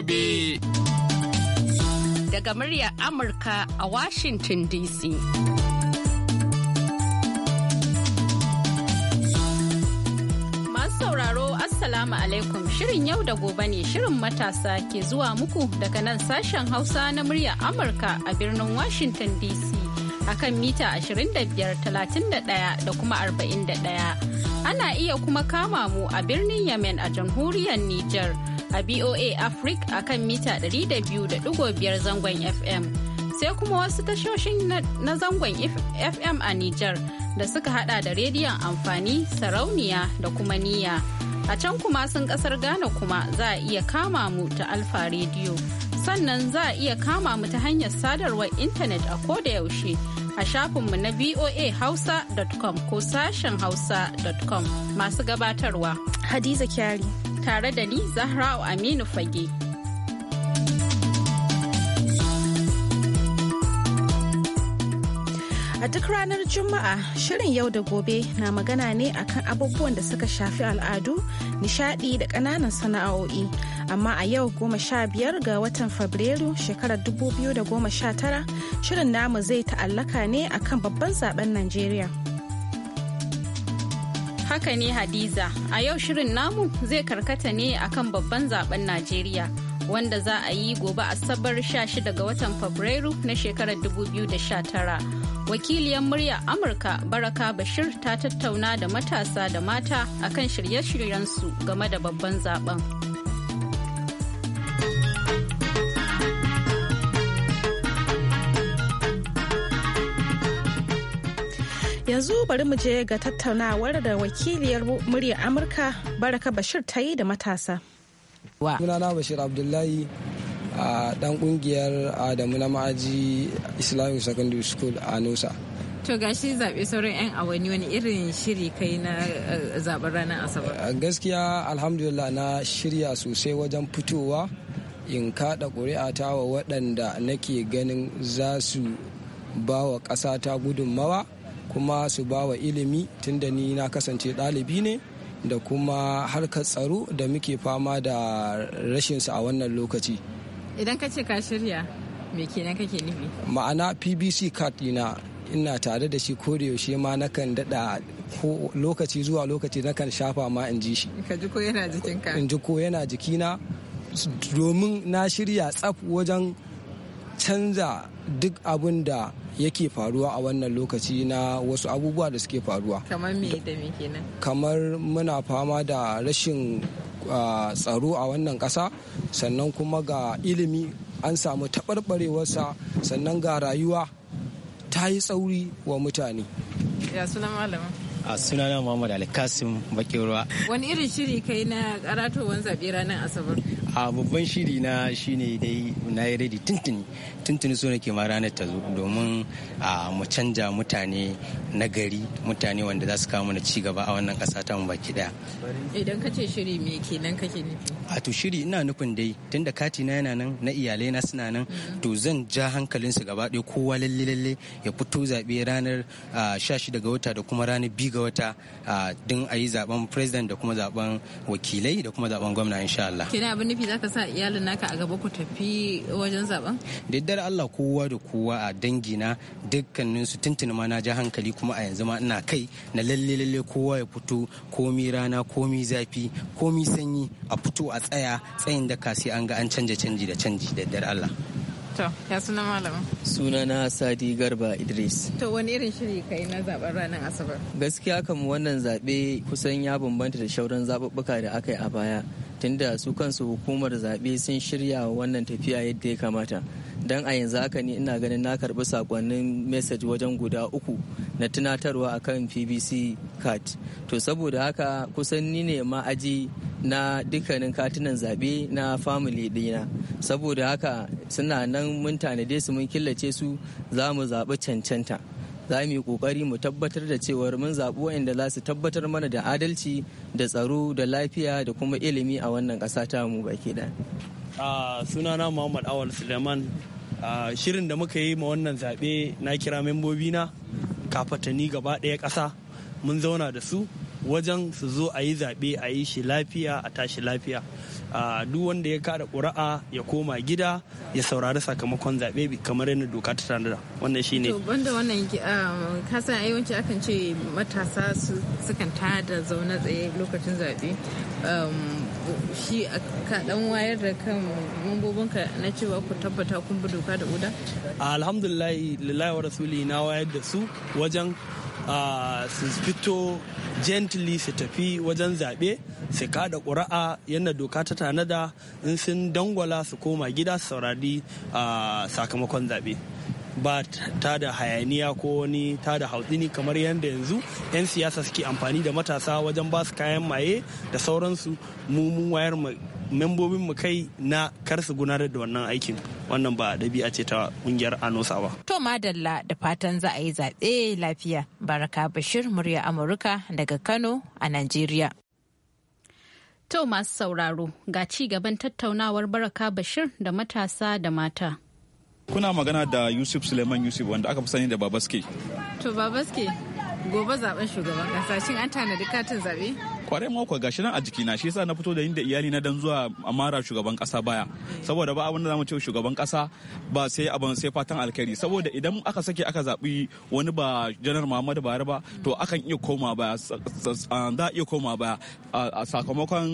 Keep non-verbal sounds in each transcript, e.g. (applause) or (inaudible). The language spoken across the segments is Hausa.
gobe. Daga muryar Amurka a Washington DC. sauraro Assalamu alaikum shirin yau da gobe ne shirin matasa ke zuwa muku daga nan sashen Hausa na muryar Amurka a birnin Washington DC. akan mita 25, 31 da kuma 41. ana iya kuma kama mu a birnin Yemen a jamhuriyar Nijar a BOA Africa a kan mita 200.5 zangon FM. Sai kuma wasu tashoshin na zangon FM a Nijar da suka hada da rediyon amfani, sarauniya da kuma niya A can kuma sun kasar Ghana kuma za a iya kama mu ta Alfa rediyo Sannan za a iya kama mu ta hanyar sadarwar intanet a koda yaushe a shafinmu na voahausa.com ko sashen hausa.com masu gabatarwa. Hadiza Kyari. tare da ni Zahra'u Aminu Fage. A duk ranar Juma'a shirin yau da gobe na magana ne akan abubuwan da suka shafi al'adu, nishadi da ƙananan sana'o'i. Amma a yau goma sha biyar ga watan Fabrairu shekarar dubu biyu da goma sha tara shirin namu zai ta'allaka ne akan babban zaben Najeriya. Haka ne Hadiza, a yau shirin namu zai karkata ne akan babban zaben Najeriya wanda za a yi gobe Asabar 16 ga watan Fabrairu na shekarar 2019. Wakiliyar murya Amurka Baraka Bashir ta tattauna da matasa da mata akan shirye shiryen su game da babban zaben. yanzu bari mu je ga tattaunawar da wakiliyar muryar amurka baraka bashir ta yi da matasa na bashir abdullahi a dan kungiyar adamu na ma'aji islamic secondary school a nusa to gashi zaɓe sauran 'yan awani wani irin shiri kai na zaɓen ranar asabar gaskiya alhamdulillah na shirya sosai wajen fitowa in kaɗa ƙuri'a ta wa waɗanda nake ganin za su ba wa ƙasa ta gudunmawa kuma su ba wa ilimi tunda ni na kasance ɗalibi ne da kuma harkar tsaro da muke fama da rashinsu a wannan lokaci idan ka ce ka shirya me kenan kake nufi ma'ana pbc card dina ina tare da shi ko da yaushe ma nakan daɗa ko lokaci zuwa lokaci nakan shafa ma in ji shi ka ji ko yana jikinka in ji ko yana jikina domin na shirya tsaf wajen canza duk abin da yake faruwa a wannan lokaci na wasu abubuwa da suke faruwa kamar me da me kenan kamar muna fama da rashin tsaro a wannan ƙasa sannan kuma ga ilimi an samu taɓarɓarewarsa sannan ga rayuwa ta yi tsauri wa mutane ya sunan malama a sunana muhammad alkasim bakin ruwa wani irin shiri kai na karatowar zaɓe ranar asabar a babban shiri na shine dai na yi redi tuntuni tuntuni so nake ma ranar ta zo domin a mu canja mutane na gari mutane wanda za su kawo mana ci gaba a wannan kasa ta mu baki daya idan ka ce shiri me kenan kake nufi a to shiri ina nufin dai tunda kati na yana nan na iyalai na suna nan to zan ja hankalin su gaba ɗaya kowa lalle lalle ya fito zabe ranar 16 ga wata da kuma ranar 2 ga wata din a yi zaben president da kuma zaben wakilai da kuma zaben gwamna insha Allah kina abin za ka sa iyalin naka a gaba ku tafi wajen zaben daddare Allah kowa da kowa a dangina dukkanin su tuntuni ma na ja hankali kuma a yanzu ma ina kai na lalle lalle kowa ya fito komi rana komi zafi komi sanyi a fito a tsaya tsayin daka sai an ga an canja canji da canji daddare Allah To, ya suna malama? Suna na Sadi Garba Idris. To, wani irin shiri kai na zaben ranar Asabar? Gaskiya kamar wannan zaɓe kusan ya bambanta da shauran zaɓuɓɓuka da aka yi a baya. Tunda su kansu hukumar zaɓe sun shirya wannan tafiya yadda ya kamata. don a yanzu haka ne ina ganin na karbi sakonnin message wajen guda uku na tunatarwa akan pbc card to saboda haka kusan ni ne ma'aji na dukkanin katunan zaɓe na family dina saboda haka suna nan mun tanade su mun killace su za mu zaɓi cancanta za mu yi kokari mu tabbatar da cewar mun zaɓi waɗanda za su tabbatar mana da adalci da tsaro da lafiya da kuma ilimi a wannan ƙasa ta mu baki ɗaya sunana muhammad awal suleiman shirin da muka yi ma wannan zaɓe na kira membobi na kafatani gaba ɗaya ƙasa mun zauna da su wajen su zo a yi zaɓe a yi shi lafiya a tashi lafiya duk wanda ya kada ƙuri'a ya koma gida ya saurari sakamakon zaɓe kamar yadda doka ta tanada wannan shi ne banda wannan um, kasan yawanci akan ce matasa sukan tada zaune tsaye lokacin zaɓe um, shi a dan wayar da kan mambobinka na cewa ku tabbata kun bi doka da oda? alhamdulillah lillahi wa rasuli na wayar da su wajen su fito gently su tafi wajen zaɓe su kada ƙuri'a yadda doka ta tanada in sun dangwala su koma gida su saurari sakamakon zaɓe ba ta da hayaniya ko wani ta da hautsini kamar yadda yanzu 'yan siyasa suke amfani da matasa wajen ba su kayan maye da sauransu mu mun wayar membobin mu kai na kar su gudanar da wannan aikin wannan ba dabi'a ce ta kungiyar anosa ba. To madalla da fatan za a yi zaɓe lafiya baraka bashir murya amurka daga kano a najeriya. To masu sauraro ga ci gaban tattaunawar baraka bashir da matasa da mata. kuna magana da yusuf suleiman yusuf wanda aka fi sani da babaske to babaske gobe zaben shugaban kasashen an tanadi katin zabe kwarai kwa gashi nan a jikina shi yasa na fito da inda iyali na dan zuwa amara shugaban kasa baya saboda ba abin da zamu ce shugaban kasa ba sai abin sai fatan alkhairi saboda idan aka sake aka zabi wani ba janar Muhammadu Buhari ba to akan iya koma baya da iya koma baya sakamakon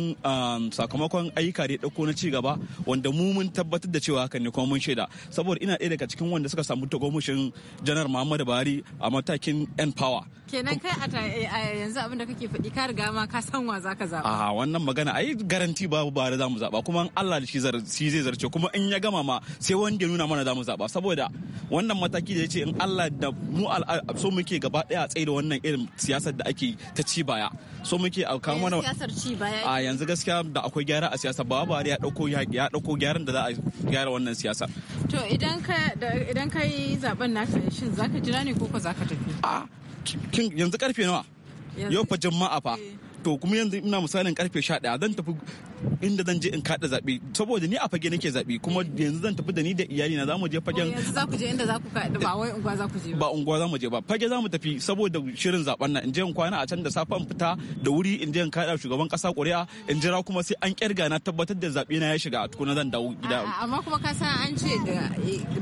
sakamakon ayyuka da dauko na ci gaba wanda mu mun tabbatar da cewa hakan ne kuma mun shaida saboda ina ɗaya daga cikin wanda suka samu tagomashin janar Muhammadu Buhari a matakin n power kenan kai a yanzu abin da kake faɗi ka riga ma ka san wa zaka zaba a wannan magana ai garanti babu ba da zamu zaba kuma Allah shi zai zarce kuma in ya gama ma sai wanda ya nuna mana zamu zaba saboda wannan mataki da yace in Allah da mu so muke gaba daya a tsaye da wannan irin siyasar da ake ta ci baya so muke a kawo mana eh, siyasar ci baya a yanzu gaskiya da akwai gyara a siyasa ba ba ya dauko ya dauko gyaran da za a gyara wannan siyasa to idan ka idan ka yi zaben naka shin zaka jira ne ko ko zaka tafi a yanzu karfe nawa yau fa Juma'a fa eh. to kuma yanzu ina misalin karfe 11 zan tafi inda zan je in kada zabe saboda ni a fage nake zabe kuma yanzu zan tafi da ni da iyali na zamu je fagen yanzu za ku je inda za ku kada ba wai unguwa za ku je ba unguwa za mu je ba fage za mu tafi saboda shirin zaben nan in je in kwana a can da safan in fita da wuri in je in kada shugaban kasa ƙuri'a in jira kuma sai an kirga na tabbatar da zabe na ya shiga a tukuna zan dawo gida amma kuma ka san an ce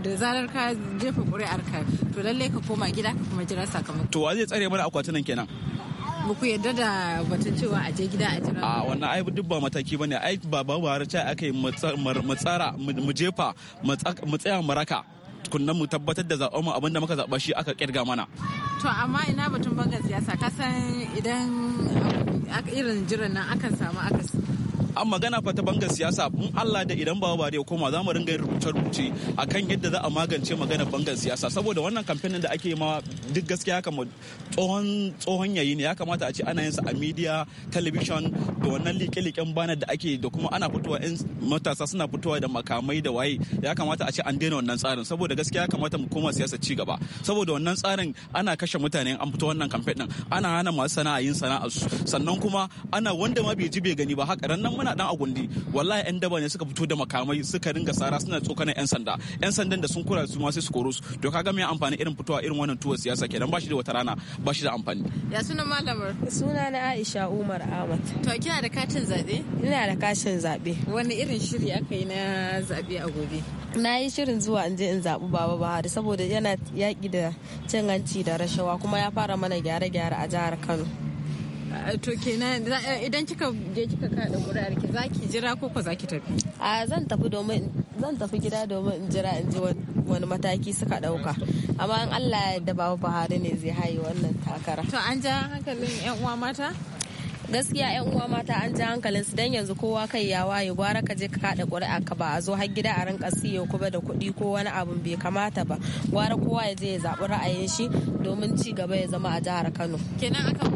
da zarar ka jefa ƙuri'ar ka to lallai ka koma gida ka kuma jira sakamako to wa zai tsare mana akwatunan kenan muku ku yarda da batun cewa a je gida a jira a wannan ai duk ba mataki bane ai ba ba har ta aka yi mu tsara mu jefa mu tsaya mu raka kunnan mu tabbatar da zaɓen mu abinda muka zaɓa shi aka kirga mana to amma ina batun bangar siyasa kasan idan irin jiran nan akan samu akasi an magana fa ta bangar siyasa in Allah da idan ba ba da koma za mu ringa rubuce-rubuce akan yadda za a magance maganar bangar siyasa saboda wannan kamfanin da ake ma duk gaskiya kama tsohon tsohon yayi ne ya kamata a ce ana yin sa a media television da wannan liƙe-liƙen banar da ake da kuma ana fitowa yan matasa suna fitowa da makamai da waye ya kamata a ce an daina wannan tsarin saboda gaskiya ya kamata mu koma siyasa ci gaba saboda wannan tsarin ana kashe mutane an fito wannan kamfen ana hana masu sana'a yin sana'a sannan kuma ana wanda ma bai ji bai gani ba haka ran nan muna dan a gundi wallahi yan daba ne suka fito da makamai suka ringa sara suna tsokanin yan sanda yan sandan da sun kura su ma sai su koro su to kaga me amfani irin fitowa irin wannan tuwon siyasa kenan ba shi da wata rana ba shi da amfani ya sunan malamar suna na Aisha Umar Ahmad to kina da katin zabe ina da katin zabe wani irin shiri aka yi na zabe a gobe na yi shirin zuwa in je in zaɓi baba bahari saboda yana yaƙi da cin hanci da rashawa kuma ya fara mana gyare-gyare a jihar kano Eh, to kenan eh, idan kika je kika kada ƙuri'ar ki zaki jira ko ko zaki tafi a zan tafi domin zan tafi gida domin in jira in ji wani mataki suka dauka amma in Allah ya yarda baba Buhari ne zai haye wannan takara to an ja hankalin yan uwa mata gaskiya yan uwa mata an ji hankalin su dan yanzu kowa kai ya waye gwara ka je ka kada ƙuri'a ka ba a zo har gida a rinka siyo kuma da kuɗi ko wani abun bai kamata ba gwara kowa ya je ya zaɓi ra'ayin shi domin ci gaba ya zama a jihar Kano kenan aka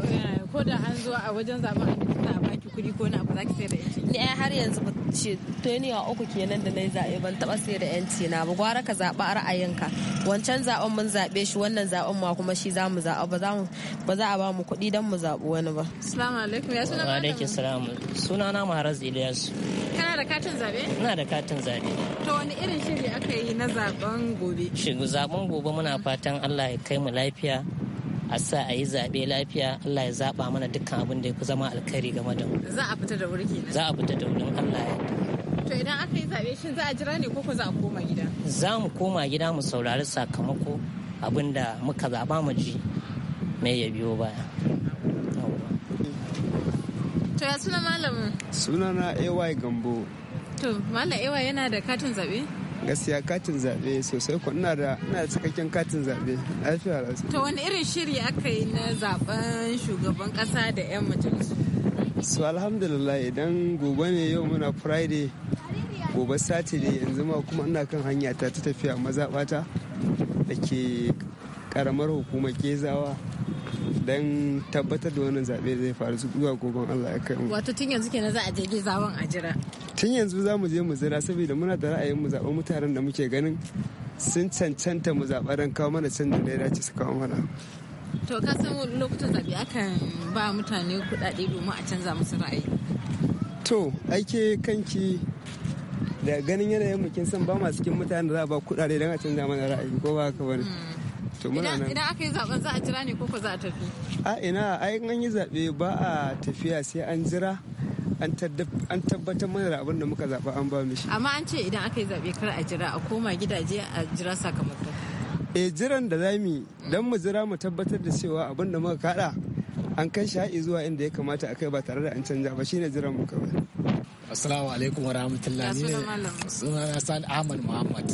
ko da an zo a wajen zaɓen a baki kuɗi ko na abu za ki sai da ita ni ai har yanzu ba ce to ni a uku kenan da na yi zaɓe ban taɓa sai da yanci na ba gwara ka zaɓa ra'ayinka wancan zaɓen mun zaɓe shi wannan zaɓen ma kuma shi za mu zaɓa ba za ba za a ba mu kuɗi don mu zaɓi wani ba. Assalamu alaikum ya suna Wa alaikum salam suna na Maharaz Ilyas. Kana da katin zaɓe? Ina da katin zaɓe. To wani irin shiri aka yi na zaɓen gobe? Shi zaɓen gobe muna fatan Allah ya kai mu lafiya a sa a yi zaɓe lafiya Allah ya zaɓa mana dukkan abin da ya fi zama alkhairi game da mu. Za a fita da wuri kenan. Za a fita da wurin Allah ya To idan aka yi zaɓe shin za a jira ne ko ko za a koma gida? Za mu koma gida mu saurari sakamako abin da muka zaɓa mu ji mai ya biyo baya. To ya suna malamin? Sunana AY Gambo. To malam AY yana da katin zaɓe? gaskiya katin zabe sosai ko ina da ina da cikakken katin zaɓe lafiya lafiya to wani irin shiri aka yi na zaben shugaban ƙasa da 'yan majalisu su alhamdulillah idan gobe ne yau muna friday gobe saturday yanzu ma kuma ina kan hanya ta ta tafiya mazaɓata da ke karamar hukumar kezawa don tabbatar da wannan zaɓe zai faru zuwa goben Allah ya kai Wato tun yanzu kenan za a je gizawan a jira. tun yanzu za mu je mu zira saboda muna da ra'ayin mu zaɓa mutanen da muke ganin sun cancanta mu zaɓa kawo mana canjin da ya dace su kawo mana to ka san lokutan zaɓe akan ba mutane kuɗaɗe domin a canza musu ra'ayi to aike kanki da ganin yanayin mu kin san ba ma cikin mutanen da za a ba kuɗaɗe don a canza mana ra'ayi ko ba haka bane to muna nan idan aka yi zaɓen za a jira ne ko ko za a tafi a ina ai an yi zaɓe ba a tafiya sai an jira an tabbatar mana da abin da muka zaɓa an ba mishi. Amma an ce idan aka yi zaɓe kar a jira a koma gidaje a jira sakamako. E eh, jiran da za mu don mu jira mu tabbatar da cewa abin da muka kaɗa an kai shi zuwa inda ya kamata a kai ba tare da an canja ba shine jiran mu kawai. Assalamu alaikum wa rahmatullahi. Sunana Sani Ahmad Muhammad.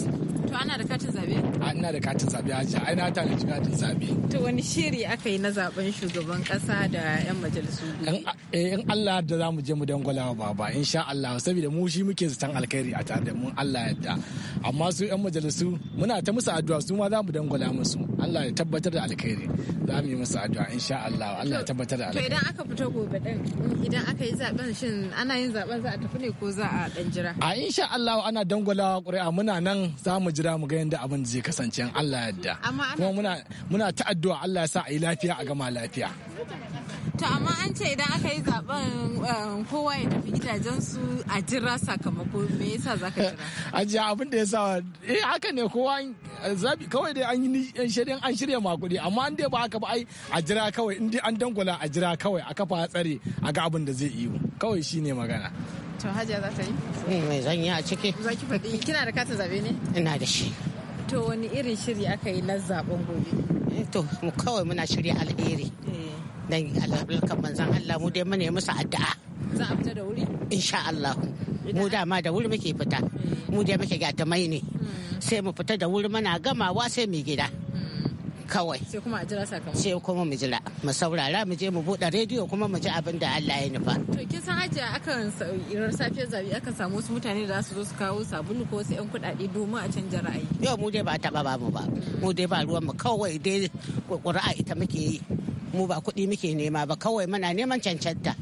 To ana da katin zabe? A ina da katin zaɓe hajiya, ai na tanaji katin zabe. To wani shiri aka yi na zaben shugaban kasa da 'yan majalisu biyu? In eh, Allah da za mu je mu dangwala wa baba, in sha Allah, saboda mu shi muke zaton alkhairi a tare da mu Allah yadda. Amma su 'yan majalisu muna ta musu addu'a su ma za mu dangwala musu. Allah ya tabbatar da alkhairi. Za mu yi musu addu'a in sha Allah, Allah ya tabbatar da alkhairi. To idan aka fito gobe din, idan aka yi zaben shin ana yin zaben za a tafi ne ko za a dan jira? A in sha Allah ana dangwala ƙuri'a muna nan za mu da mu ga yadda abin zai kasance in Allah yadda kuma muna muna ta addu'a Allah ya sa a yi lafiya a gama lafiya to amma an ce idan aka yi zaben um, kowa ya tafi su a jira sakamako me yasa zaka jira (laughs) ajiya abin da yasa eh haka ne kowa zabi kawai dai an yi shirin an shirya makudi amma an dai ba haka ba ai a jira kawai in an dangula a jira kawai a kafa tsare a ga abin da zai yi kawai shine magana To hajiya za ta yi? Ni mm, mai zanyi a ciki. Za ki faɗi kina da katin zaɓe ne? Ina da shi. To wani irin shiri aka yi na zaben gobe? Eh, to mu kawai muna shirya alheri. Eh. Dan kan manzan Allah mu dai mune musu addu'a. Za a fita da wuri? Insha Allah. Mu dama da wuri muke fita. Eh. Mu dai muke ta mai ne. Hmm. Sai mu fita da wuri muna gamawa sai mu gida. Hmm. kawai sai kuma mu jira mu saurara mu je mu buɗe rediyo kuma mu ji abin da Allah ya nufa to kin san aje akan irar safiyar zabi aka samu wasu mutane da su zo su kawo sabulu ko wasu yan kuɗaɗe domin a canja ra'ayi yau mu dai ba taɓa ba mu ba mu dai ba ruwan mu kawai dai ƙuri'a ita muke yi mu ba kuɗi muke nema ba kawai muna neman cancanta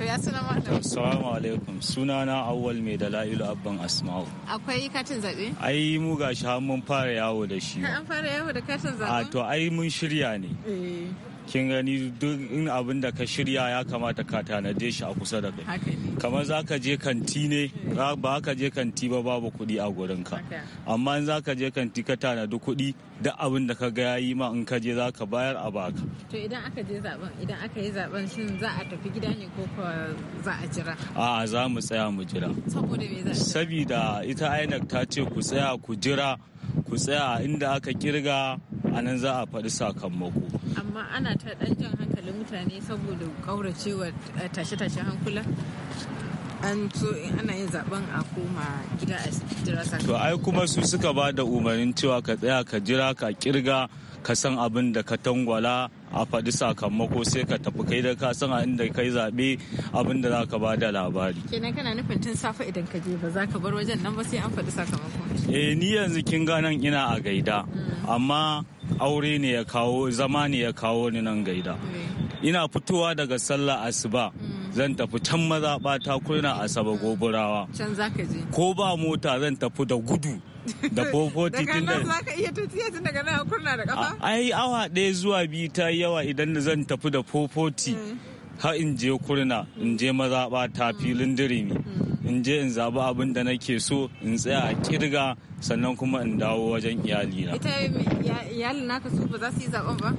To ya suna malam. Assalamu alaikum. Suna na Awwal mai dala'ilu abban Asma'u. Akwai katin zaɓe? Ai mu gashi har mun fara yawo da shi. An fara yawo da katin zaɓe? A to ai mun shirya ne. Eh. kin gani duk in abin da ka shirya ya kamata ka tanade shi a kusa da kai kamar za ka je kanti ne ba ka je kanti ba babu kuɗi a gurin ka. amma in za ka je kanti ka tanadi kuɗi duk abin da ka ga ya yi ma in ka je za ka bayar a baka to idan aka je zaben idan aka yi zaben shin za a tafi gida ne ko za a jira a za mu tsaya mu jira saboda me za saboda ita INEC ta ce ku tsaya ku jira ku tsaya inda aka kirga a nan za a faɗi sakamako amma ana ta ɗan jan hankalin mutane saboda ƙauracewa eh, tashe-tashen hankula an so ana yin zaben a koma gida a jira sakamako to ai kuma su suka ba da umarnin cewa ka tsaya ka jira ka kirga ka san abin da ka tangwala a faɗi sakamako sai ka tafi kai da ka san a inda kai zaɓe abin za ka ba da labari. Kenan kana nufin tun safe idan ka je ba za ka bar wajen nan ba sai an faɗi sakamako. Eh ni yanzu kin ga nan ina a gaida hmm. amma aure ne ya kawo zama ne ya kawo ni nan gaida. Hmm. Ina fitowa daga sallah asuba. Hmm. zan tafi can mazaɓa ta kuna asaba goburawa. Can za ka je. Ko ba mota zan tafi da gudu da boboti tun da za ka iya kurna da ai awa ɗaya zuwa biyu ta yawa idan na zan tafi da fofoti mm. har in je kurna in je mazaɓa ta mm. filin dirimi mm. in je in zaɓi abin da nake so in tsaya a kirga sannan kuma in dawo wajen iyali na. ita iyalin naka su ba za su yi zaɓen ba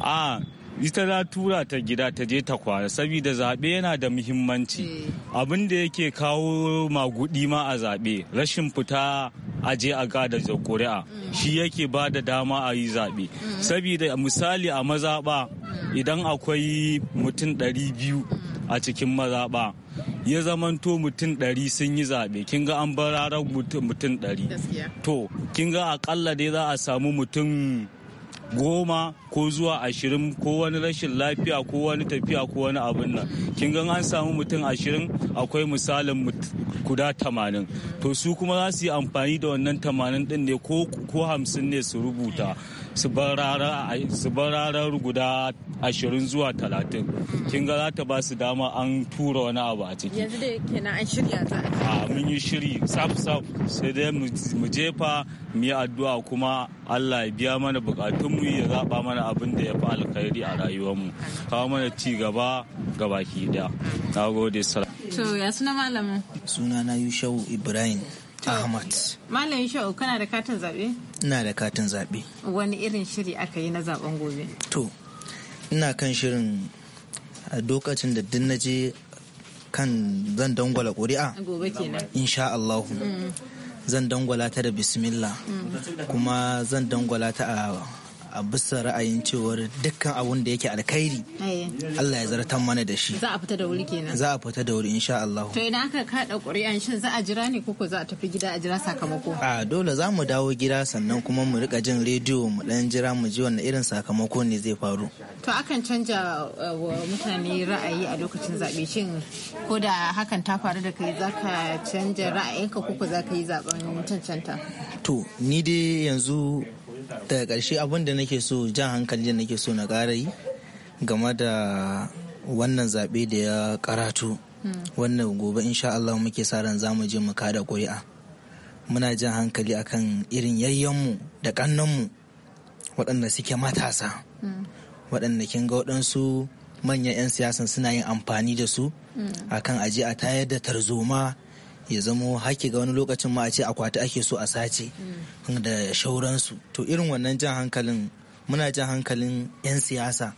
a ita za tura ta gida ta je ta kwana saboda zaɓe yana da muhimmanci eh. abin da yake kawo magudi ma a zaɓe rashin fita a ga a kada shi yake ba da dama a yi zaɓe saboda misali a mazaɓa idan akwai mutum ɗari biyu a cikin mazaɓa ya zamanto mutum ɗari sun yi zaɓe kin ga an bararar mutum ɗari to kin ga akalla dai za a samu mutum goma ko zuwa ashirin ko wani rashin lafiya ko wani tafiya ko wani abin nan kin gan an samu mutum ashirin akwai misalin guda tamanin to su kuma za su yi amfani da wannan tamanin din ne ko hamsin ne su rubuta su bar rarar guda ashirin zuwa talatin kin ga za ta ba su dama an tura wani abu a ciki yanzu da kenan an shirya za a mun yi shiri saf saf sai dai mu jefa mu yi addu'a kuma Allah ya biya mana bukatunmu ya zaba mana abin da ya fi alkhairi a rayuwar mu, kawo mana ci gaba ga baki daya na gode to ya suna malamin suna na yushau ibrahim Ahmad. Malam Shau kana da katin zaɓe? Ina da katin zaɓe. Wani irin shiri aka yi na zaɓen gobe? To, ina kan shirin a lokacin da duk na je kan zan dangwala ƙuri'a. Gobe kenan. Insha Allah. Mm. Zan dangwala ta da bismillah. Mm. Kuma zan dangwala ta a a bisa ra'ayin cewar dukkan abun da yake alkhairi eh. Allah ya zartan mana da shi za a fita da wuri kenan za a fita da wuri insha to idan aka kada ƙuri'an shin za a jira ne koko za a tafi gida a jira sakamako a dole za mu dawo gida sannan kuma mu rika jin rediyo mu dan jira mu ji wannan irin sakamako ne zai faru to akan canja eh, wa mutane ra'ayi a lokacin zabe shin ko da hakan ta faru da kai za ka canja ra'ayinka ko za ka yi zaɓen cancanta to ni dai yanzu daga ƙarshe abin da nake so jan hankali da nake so na ƙara yi game da wannan zaɓe da ya karatu wannan gobe insha Allah muke sa ran zamu je mu kada ƙuri'a muna jan hankali akan irin yayyanmu da ƙannanmu waɗanda suke matasa waɗanda kin ga waɗansu manyan 'yan siyasan suna yin amfani da su mm. akan aje a tayar da tarzoma ya zamo haki ga wani lokacin ma a ce akwati ake so a sace mm. da shauransu to irin wannan jan hankalin muna jan hankalin 'yan siyasa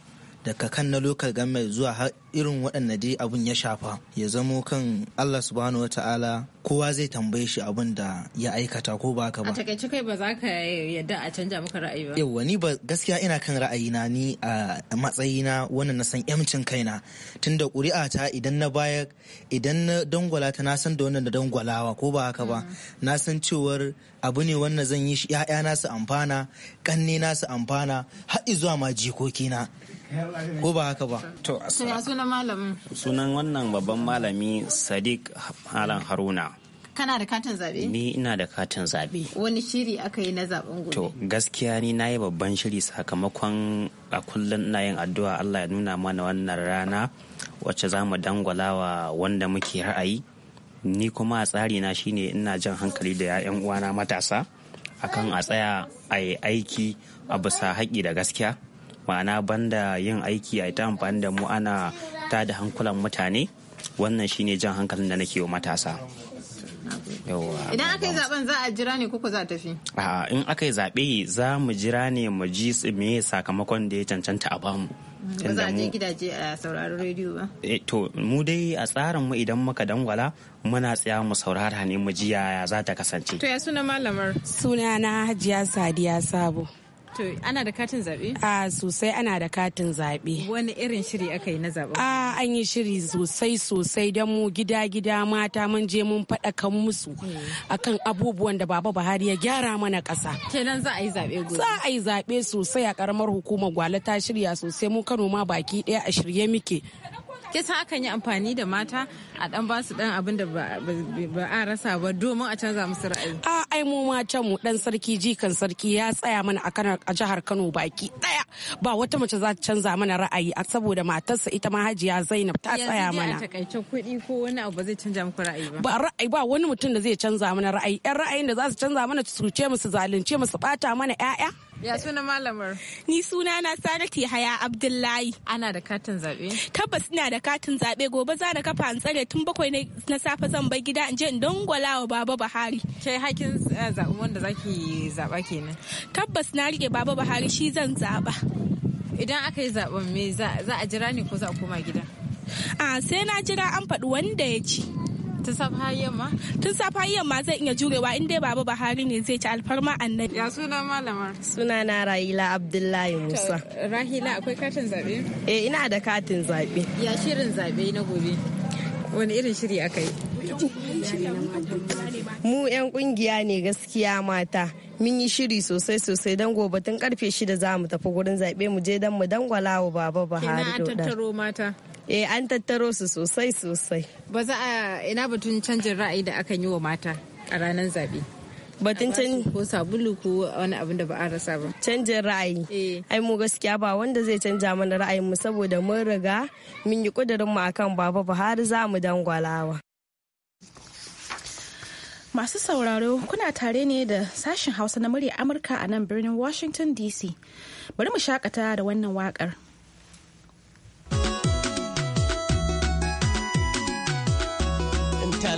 daga kan na lokal game zuwa irin waɗanda dai abun ya shafa ya zamo kan Allah subhanahu wa ta'ala kowa zai tambaye shi abin da ya aikata ko ba ka ba. A takaice kai ba za ka yadda a canja maka ra'ayi ba. Yawwa ni ba gaskiya ina kan ra'ayina ni a matsayina wannan na san yamcin kaina tunda ƙuri'a ta idan na baya idan na dangwala ta na san da wannan da dangwalawa ko ba haka ba mm. na san cewar abu ne wannan zan yi shi na su amfana ƙanne na su amfana har zuwa ma jikokina ko ba haka ba. To, sunan malamin? Sunan wannan babban malami Sadiq Alan Haruna. Kana da katin zabe? Ni ina da katin zabe. Wani shiri aka yi na zaben gobe? To gaskiya ni na yi babban shiri sakamakon a kullum ina yin addu'a Allah ya nuna mana wannan rana wacce za mu dangwala wa wanda muke ra'ayi. Ni kuma a tsari na shine ina jan hankali da 'ya'yan uwana matasa akan a tsaya a yi aiki a bisa haƙƙi da gaskiya. ma'ana banda yin aiki a ita amfani da mu ana ta da hankulan mutane wannan shine jan hankalin da nake wa matasa idan aka yi zaben za a jira ne kuku za a tafi a'a in aka yi zaɓe za mu jira ne mu ji me sakamakon da ya cancanta a bamu mm, ba za a je gidaje a sauraron rediyo ba eh, to mu dai a tsarin mu idan muka dangwala muna tsaya mu saurara ne mu ji yaya za ta kasance to ya suna malamar suna na hajiya sadiya sabo To ana da katin zaɓe? A sosai ana da katin zaɓe. Wani irin shiri aka yi na zaɓe? A an yi shiri sosai sosai don mu gida gida mata mun je mun faɗakan musu hmm. akan abubuwan da Baba Buhari ya gyara mana ƙasa. Kenan za a yi zaɓe gobe? Za a yi zaɓe sosai a ƙaramar hukumar Gwale ta shirya sosai mu Kano ma baki ɗaya a shirye muke kisan akan yi amfani da mata a dan basu dan abin da ba a rasa ba domin a canza musu ra'ayi a ai mu mata mu dan sarki jikan sarki ya tsaya mana a jihar Kano baki daya ba wata mace za ta canza mana ra'ayi a saboda matarsa ita ma Hajiya Zainab ta tsaya mana ya takaice kuɗi ko wani abu zai canza muku ra'ayi ba ba ra'ayi ba wani mutum da zai canza mana ra'ayi yan ra'ayin da za su canza mana su ce musu zalunce musu bata mana ƴaƴa Ya suna malamar? Ni suna na Sanatu haya Abdullahi. Ana da katin zaɓe? Tabbas ina da katin zaɓe gobe za da kafa an tsare tun bakwai na safe zan bar gida in je in dangwala wa Baba Buhari. Ke hakin eh, zaɓen wanda zaki zaɓa kenan? Tabbas na riƙe Baba Buhari shi zan zaɓa. Idan aka yi zaɓen me za a jira ne ko za a koma gida? A ah, sai na jira an faɗi wanda ya ci. tun safa har yamma tun safa yamma zai iya jurewa in dai baba Buhari ne zai ci alfarma annabi ya suna Malama? suna na Rahila Abdullahi Musa Rahila akwai katin zabe eh ina da katin zabe ya shirin zabe na gobe wani irin shiri aka yi mu 'yan kungiya ne gaskiya mata mun yi shiri sosai sosai don gobe tun karfe shida za mu tafi gurin zaɓe mu je don mu dangwala wa baba Buhari. Kina tattaro mata. eh an tattaro su sosai sosai ba za a ina batun canjin ra'ayi da akan yi wa mata a ranar zabe? batun can ko sabulu ko wani abin da ba a rasa ba canjin ra'ayi eh. ai mu gaskiya ba wanda zai canja mana ra'ayin mu saboda mun riga mun yi kudirin mu akan baba ba har za mu dangwalawa Masu sauraro kuna tare ne da sashen Hausa na murya Amurka a nan birnin Washington DC. Bari mu shakata da wannan waƙar.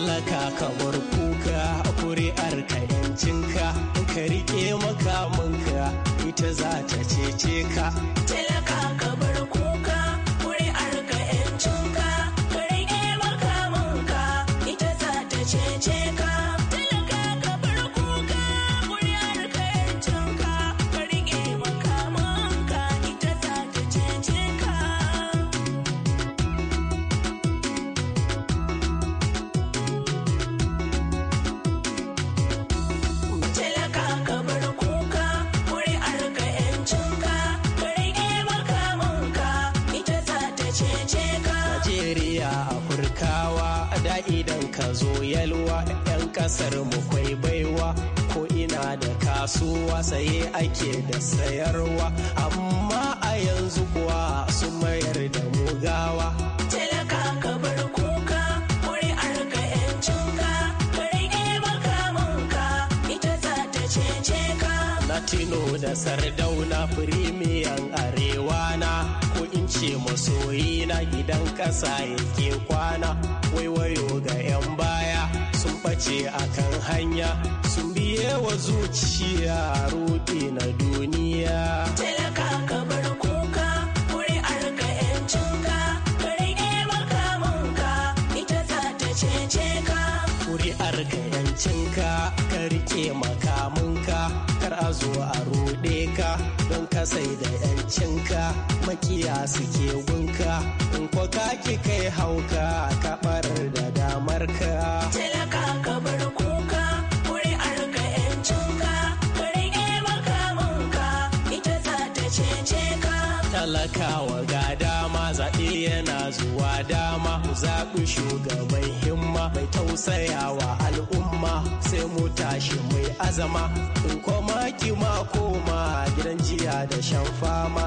mallaka ka bar kuka kuri'ar ka yancinka ka rike makamanka ita za ta cece ka kasar mu kwai baiwa ko ina da kasuwa saye ake da sayarwa amma a yanzu kuwa su mayar da mugawa. Talaka ka bar kuka ƙuri'ar yancinka ita za ta ka. da Sardauna firimiyan arewa na ko in ce masoyi na gidan ƙasa yake kwana waiwayo ga 'yan baya. ce akan hanya sun biye wa zuciya ruɗi na duniya zo a ruɗe ka don kasai da yancinka makiya suke gunka in kuka ki kai hauka a kabar da damarka talaka bar kuka wuri arka yancinka kare makamanka ita za ta cece ka talakawa gada dama yana zuwa dama ku zaɓi shugaban himma mai tausayawa al'umma sai mu tashi mai azama in koma ma koma gidan jiya da shan fama.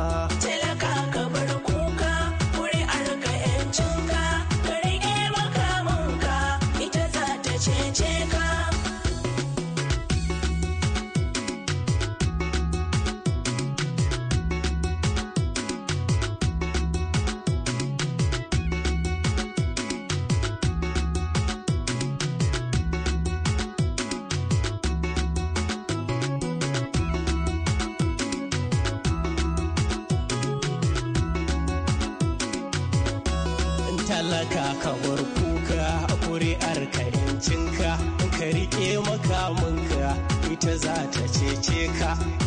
America.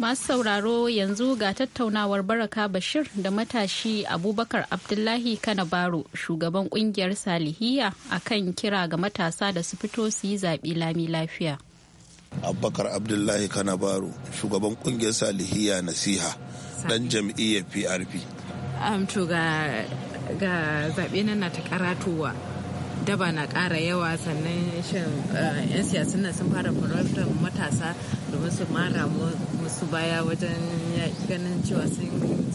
Masu sauraro yanzu ga tattaunawar Baraka Bashir da matashi Abubakar Abdullahi Kanabaro shugaban kungiyar Salihiya akan kira ga matasa da su fito su yi zaɓi lami lafiya. Abubakar Abdullahi Kanabaro shugaban kungiyar Salihiya nasiha dan jam'iyyar PRP. ga, zaɓe nan na ta karatowa daba na kara yawa sannan shin 'yan eh, siyasun nan sun fara farautar matasa domin su mara musu baya wajen ganin cewa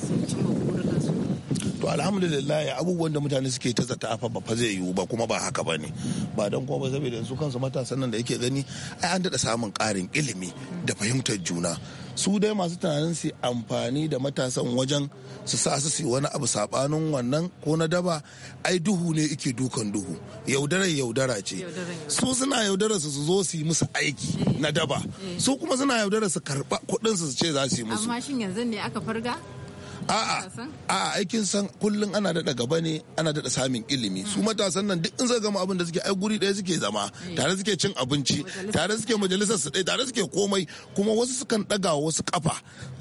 sun cimma su. to alhamdulillah abubuwan da mutane suke ta zata fa ba zai yiwu ba kuma ba haka bane ba don kuma ba saboda su kansu matasan nan da yake gani ai an daɗa samun ƙarin ilimi da fahimtar juna su dai masu tunanin su amfani da matasan wajen su sa su wani abu sabanin wannan ko na daba ai duhu ne ike dukan duhu yaudarar yaudara ce su suna yaudarar su zo su yi musu aiki na daba su kuma suna yaudara su karba kuɗin su ce za su yi musu amma shin yanzu ne aka farga a'a a'a aikin san kullum ana daɗa gaba ne ana daɗa samun ilimi su hmm. matasan nan duk in zai gama abin da suke ai guri ɗaya suke zama eh. tare suke cin abinci tare suke majalisar su ɗaya tare suke komai kuma wasu sukan ɗaga wasu kafa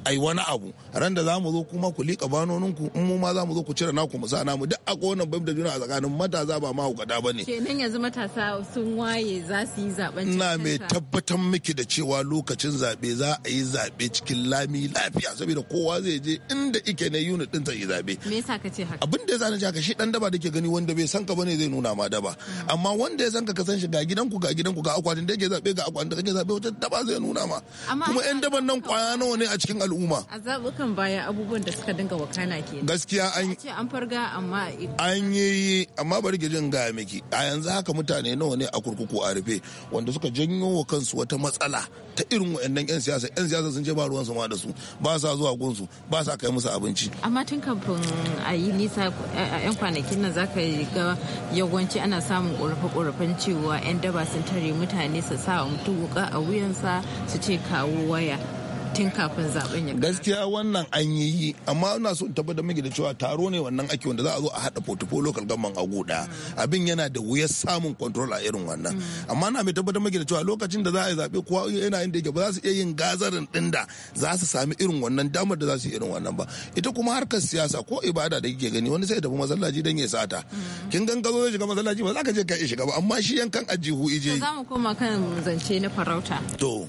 ai wani abu ran da za mu zo kuma ku liƙa banoninku in mu ma za mu zo ku cire naku mu sa mu duk a wannan babu da juna a tsakanin mataza ba mahaukata ba ne. kenan yanzu matasa sun waye za su yi zaben ina mai tabbatar miki da cewa lokacin zaɓe za a yi zaɓe cikin lami lafiya saboda kowa zai je inda ike na unit ɗinta yi zaɓe. me yasa ka ce haka. abin da ya zana haka shi ɗan daba da ke gani wanda bai san ka bane zai nuna ma daba amma wanda ya san ka san shi ga gidanku ga gidanku ga akwatin da yake zaɓe ga akwatin da kake zaɓe wata daba zai nuna ma kuma 'yan daban nan kwana nawa ne a cikin al'umma al'umma a zabukan baya abubuwan da suka dinga wakana ke gaskiya an ce an farga amma an yi amma bari jin gaya miki a yanzu haka mutane nawa ne a kurkuku a rufe wanda suka janyo wa kansu wata matsala ta irin waɗannan yan siyasa yan siyasa sun ce ba ruwan sama da su ba sa zuwa gunsu ba sa kai musu abinci amma tun kafin a yi nisa yan kwanakin nan zaka ga yawanci ana samun ƙorafe-ƙorafen cewa yan daba sun tare mutane su sa mutu wuka a wuyansa su ce kawo waya tun kafin zaben ya gaskiya wannan an yi amma ina so in tabbatar miki da cewa taro ne wannan ake wanda za a zo a hada portfolio local government a guda abin yana da wuya samun control a irin wannan amma na mai tabbatar miki da cewa lokacin da za a yi zabe kowa yana inda yake ba za su iya yin gazarin din da za su sami irin wannan damar da za su yi irin wannan ba ita kuma harkar siyasa ko ibada da kike gani wani sai ya tafi masallaci dan ya sata kin gan gazo zai shiga masallaci ba za ka je ka shiga ba amma shi yankan ajihu ije za mu koma kan zance na farauta to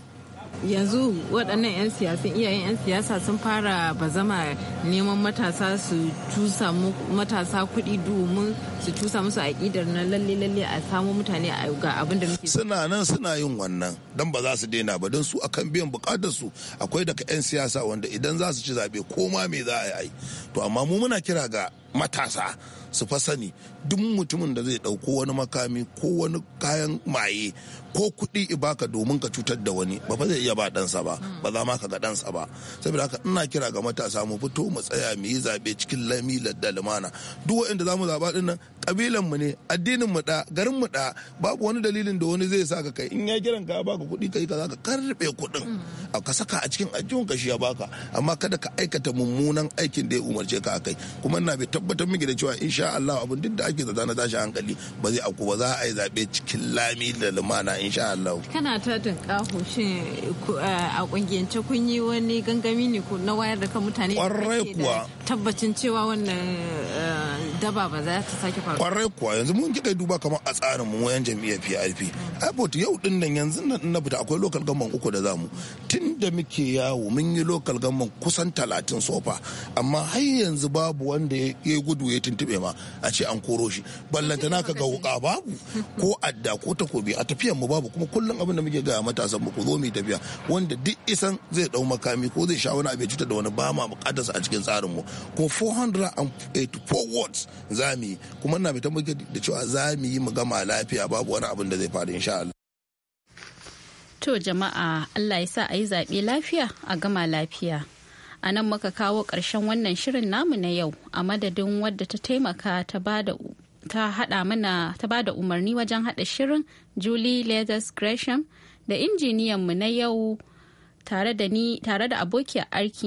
yanzu waɗannan 'yan siyasan iyayen 'yan siyasa sun fara zama neman matasa su cusa matasa kuɗi domin su cusa musu aƙidar na lalle lalle a samu mutane ga abin da muke suna nan suna yin wannan don ba za su daina ba don su akan biyan bukatar su akwai daga 'yan siyasa wanda idan za su ci zaɓe ko ma me za a yi to amma mu muna kira ga matasa su fa sani duk mutumin da zai ɗauko wani makami ko wani kayan maye ko kuɗi i baka domin ka cutar da wani ba fa zai iya ba ɗansa ba ba za ma ka ga ɗansa ba saboda haka ina kira ga matasa mu fito mu tsaya mu yi zaɓe cikin lamila da lumana duk waɗanda za mu zaɓa ɗin nan ƙabilan mu ne addinin mu ɗa garin mu ɗa babu wani dalilin da wani zai sa ka kai in ya kiran ka baka kuɗi kai ka za ka karɓe kuɗin a ka saka a cikin ajiyun ka shi ya baka amma kada ka aikata mummunan aikin da ya umarce ka kai kuma ina bai tabbatar miki da cewa insha Allah abin duk da ake zata na tashi hankali ba zai aku ba za a yi zaɓe cikin lami da lumana insha Allah kana ta tunƙaho shin a kungiyance kun yi wani gangami ne na wayar da kan mutane kwarai kuwa tabbacin cewa wannan eh, daba ba za ta sake faruwa kwarai kuwa yanzu mun kika duba kamar a tsarin mu wayan jam'iyyar PRP airport yau din nan yanzu nan na fita akwai lokal gamban uku da zamu tun da muke yawo mun yi lokal gamban kusan talatin sofa amma har yanzu babu wanda ya yi gudu ya tuntube ma a ce an koro shi ballanta naka ga wuka babu ko adda ko takobi a tafiyan mu babu kuma kullum abin da muke gaya matasan mu ku zo mu tafiya wanda duk isan zai dau makami ko zai sha wani abin cutar da wani ba ma bukatarsa a cikin tsarin mu ko and 484 words za mu yi kuma na fitan muke da cewa za mu yi mu gama lafiya babu wani abin da zai faru insha Allah. To jama'a Allah ya sa a yi zaɓe lafiya a gama lafiya. A nan muka kawo ƙarshen wannan shirin namu na yau a madadin wadda ta taimaka ta ba ta haɗa mana ta ba da umarni wajen haɗa shirin Julie Leathers Gresham da mu na yau tare da ni tare da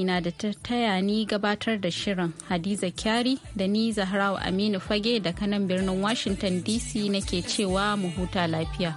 na da ta taya ni gabatar da shirin hadiza kyari da ni zahrawa aminu fage da kanan birnin washington dc nake cewa mu huta lafiya.